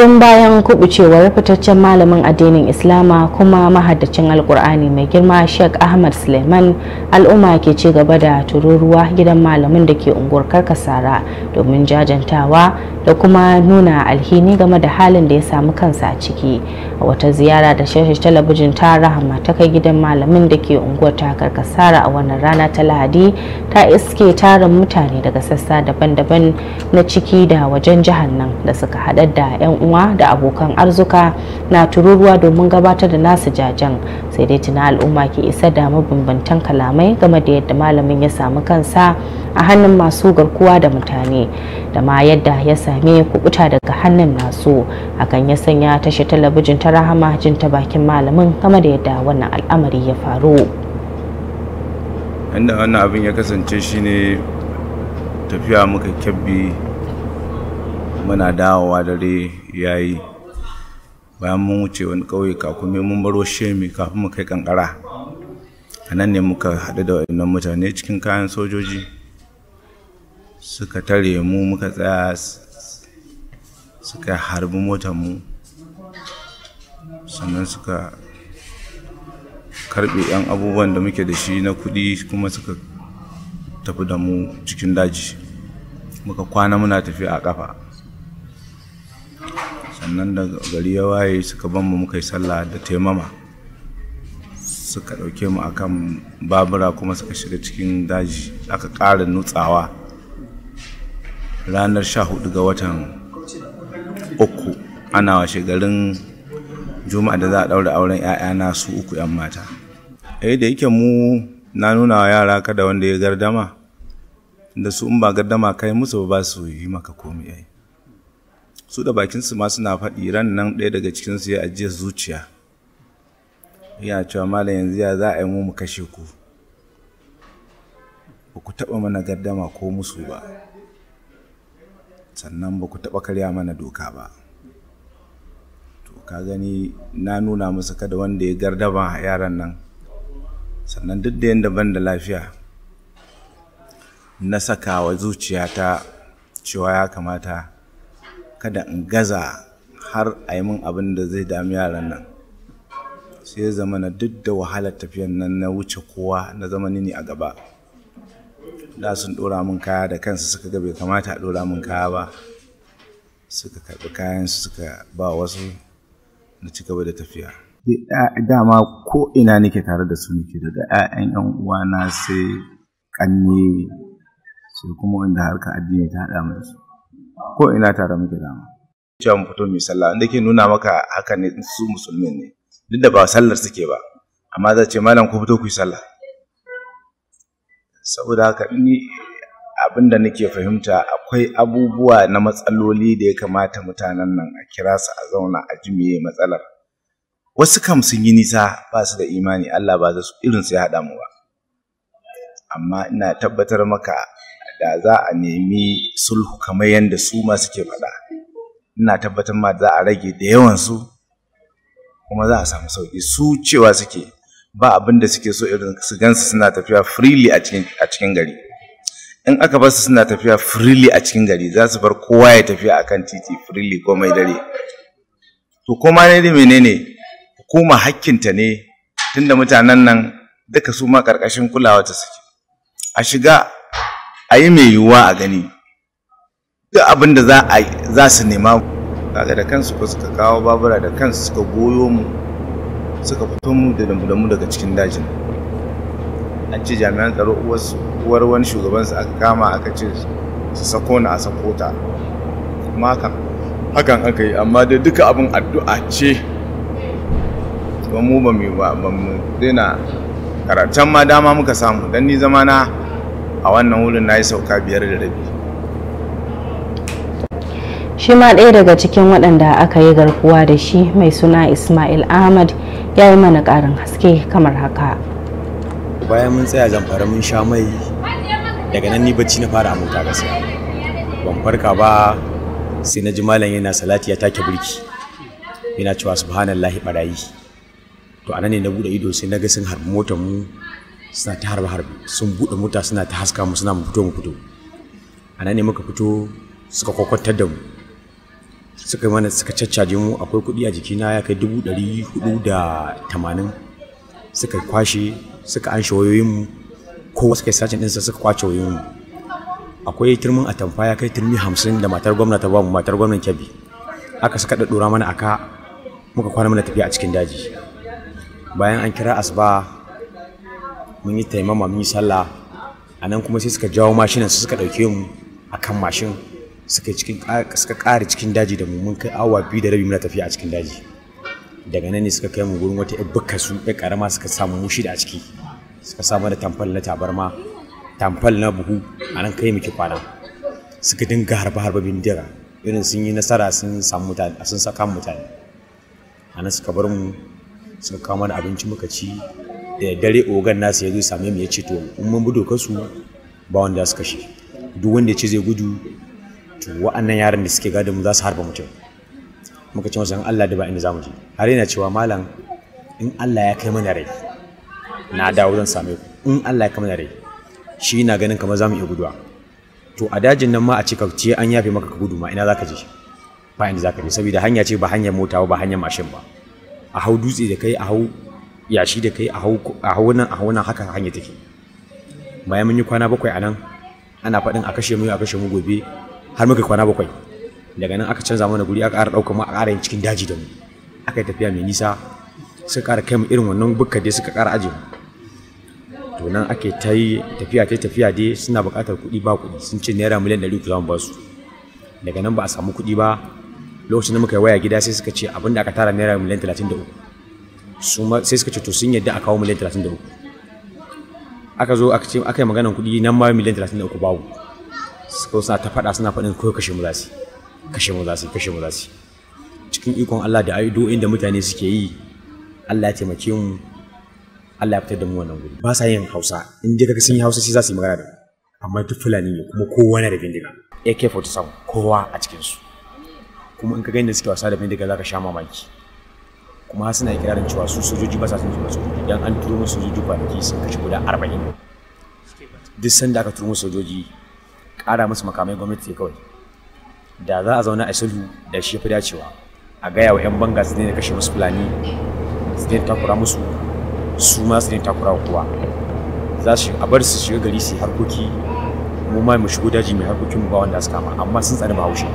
tun bayan kubucewar fitaccen malamin addinin islama kuma mahaddacin alkur'ani mai girma sheikh ahmad suleiman al'umma ke ci gaba da tururuwa gidan malamin da ke unguwar karkasara domin jajantawa da kuma nuna alhini game da halin da ya samu kansa a ciki a wata ziyara da shashar talabijin ta rahama ta kai gidan malamin da ke unguwar ta karkasara a wannan rana ta lahadi ta iske tarin mutane daga sassa daban-daban na ciki da wajen jihar nan da suka haɗar da 'yan uwa da abokan arzuka na tururuwa domin gabatar da nasu jajen sai dai tuna al'umma ke isa da mabambantan kalamai game da yadda malamin ya samu kansa a hannun masu garkuwa da mutane da ma yadda ya sami kubuta daga hannun nasu hakan ya sanya tashi talabijin ta rahama jin ta bakin malamin game da yadda wannan al'amari ya faru inda wannan abin ya kasance shine tafiya muka kyabbi muna dawowa dare ya yi bayan mun wuce wani ƙauye kakumi mun baro shemi kafin mu kai kankara a nan ne muka haɗu da waɗannan mutane cikin kayan sojoji suka tare mu muka tsaya suka harbi motar mu sannan suka karɓe 'yan abubuwan da muke da shi na kuɗi kuma suka tafi da mu cikin daji muka kwana muna tafi a ƙafa sannan da gari ya waye suka ban mu muka yi sallah da taimama suka ɗauke mu akan babura kuma suka shiga cikin daji aka ƙara nutsawa ranar sha hudu ga watan uku ana washe garin juma'a da za a ɗaura auren 'ya'yana su uku 'yan mata eh da yake mu na nuna wa yara kada wanda ya gardama da su in ba gardama kai musu ba su yi maka komai su da bakinsu ma suna faɗi ran nan ɗaya daga cikinsu ya ajiye zuciya yana cewa malam yanzu ya za a yi mu kashe ku ba ku taɓa mana gardama ko musu ba sannan ba ku taɓa karya mana doka ba to ka gani na nuna musu kada wanda ya gardama yaran nan sannan duk da yadda ban da lafiya na saka wa zuciyata cewa ya kamata kada in gaza har a yi min abin da zai dami yaran nan sai zama na duk da wahalar tafiyan nan na wuce kowa na zama nini a gaba da sun ɗora min kaya da kansu suka ga bai kamata a ɗora min kaya ba suka karɓi kayan suka ba wasu na ci gaba da tafiya dama ko ina nake tare da su nake daga 'ya'yan 'yan uwana sai kanne, sai kuma wanda harkar addini ta haɗa mai su ko ina tare muke dama cewa mu fito mai sallah inda ke nuna maka haka ne su musulmi ne duk da ba sallar suke ba amma za ce malam ku fito ku yi sallah saboda haka ni abin da nake fahimta akwai abubuwa na matsaloli da ya kamata mutanen nan a kira su a zauna a ji matsalar wasu kam sun yi nisa ba su da imani Allah ba za su irin su ya haɗa mu ba amma ina tabbatar maka da za a nemi sulhu kamar yadda su ma suke faɗa ina tabbatar ma za a rage da yawan su kuma za a samu sauki su cewa suke ba abin da suke so irin su gansu suna tafiya freely a cikin gari in aka bar su suna tafiya freely a cikin gari za su bar kowa ya tafiya a kan titi freely ko mai dare to kuma ne da menene hukuma hakkinta ne tunda mutanen nan duka su ma karkashin kulawa ta suke a shiga a yi mai yiwuwa a gani duk abin da za su nema kaga da kansu ko suka kawo babura da kansu suka goyo mu suka fito mu da damu daga cikin dajin an ce jami'an tsaro uwar wani su aka kama aka ce su sako na a sako ta kuma hakan aka yi amma dai duka abin addu'a ce ba mu ba mu daina karatun ma dama muka samu don ni zamana a wannan wurin na yi sauka biyar da rabi shi ma ɗaya daga cikin waɗanda aka yi garkuwa da shi mai suna ismail ahmad ya yi mana ƙarin haske kamar haka bayan mun tsaya zamfara mun sha mai daga nan ni bacci na fara amurka gasa ban farka ba sai na ji malam yana salati ya take burki yana cewa subhanallahi barayi to anan ne na bude ido sai na ga sun harbi motar mu suna ta harbe-harbe. sun buɗe mota suna ta haska mu suna mu fito mu fito a nan ne muka fito suka kwakwatar da mu suka yi mana suka caccaje mu akwai kuɗi a jikina ya kai dubu ɗari hudu da tamanin suka kwashe suka wayoyin mu. ko wasu kai sacin ɗinsa suka kwace wayoyin mu. akwai turmin atamfa ya kai turmi hamsin da matar gwamna ta bamu matar gwamnan kyabi aka suka ɗaɗɗora mana aka muka kwana mana tafiya a cikin daji bayan an kira asuba mun yi taimama mun yi sallah a nan kuma sai suka jawo mashinan su suka ɗauke mu a kan mashin suka cikin suka ƙara cikin daji da mu mun kai awa biyu da rabi muna tafiya a cikin daji daga nan ne suka kai mu gurin wata ƴar su ƴar ƙarama suka samu mu shida a ciki suka samu da tamfal na tabarma tamfal na buhu a nan kai muke kwana suka dinga harba harba bindira irin sun yi nasara sun samu mutane sun saka mutane a nan suka bar mu suka kawo mana abinci muka ci da dare ogan nasu ya zo same mu ya ce to in mun bi dokar su ba wanda su kashe duk wanda ya ce zai gudu to wa'annan yaran da suke gada mu za su harba mutum muka ce masa Allah da ba inda zamu je har yana cewa malam in Allah ya kai mana rai na dawo zan same ku in Allah ya kai mana rai shi na ganin kamar zamu iya guduwa to a dajin nan ma a cika ce an yafe maka ka gudu ma ina zaka je ba inda zaka je saboda hanya ce ba hanyar mota ba hanyar mashin ba a hau dutse da kai a hau yashi da kai a hau nan a hau nan haka hanya take bayan mun yi kwana bakwai a nan ana faɗin a kashe mu a kashe mu gobe har muka kwana bakwai daga nan aka canza mana guri aka ƙara ɗaukar mu a ƙara yin cikin daji da mu aka yi tafiya mai nisa suka ƙara kai mu irin wannan bukka dai suka ƙara ajiye to nan ake ta yi tafiya ta tafiya dai suna buƙatar kuɗi ba kuɗi sun ce naira miliyan ɗari ku za ba su daga nan ba a samu kuɗi ba lokacin da muka yi waya gida sai suka ce abin da aka tara naira miliyan talatin da uku su sai suka ce to sun yadda a kawo miliyan 33 aka zo aka ce aka yi maganan kuɗi nan ma miliyan 33 babu suka suna ta faɗa suna faɗin kawai kashe mu zasu kashe mu zasu kashe mu zasu cikin ikon Allah da ayyudu da mutane suke yi Allah ya taimake mu Allah ya fitar da mu wannan guri ba sa yin Hausa in dai kaga sun yi Hausa sai za su yi magana da amma duk Fulani ne kuma kowa na da bindiga AK47 kowa a cikin su kuma in ka ga inda suke wasa da bindiga za ka sha mamaki kuma suna kirarin cewa su sojoji ba sa sun zuwa sojoji dan an turo musu sojoji kwanaki sun kashe guda arba'in duk sanda aka turo musu sojoji kara musu makamai gwamnati kawai da za a zauna a sulhu da shi fi dacewa a gaya wa 'yan banga su ne kashe musu fulani su ne takura musu su ma su ne takura kowa za su a bar su shiga gari su harkoki mu ma mu shigo daji mai harkokin mu ba wanda su kama amma sun tsani bahaushe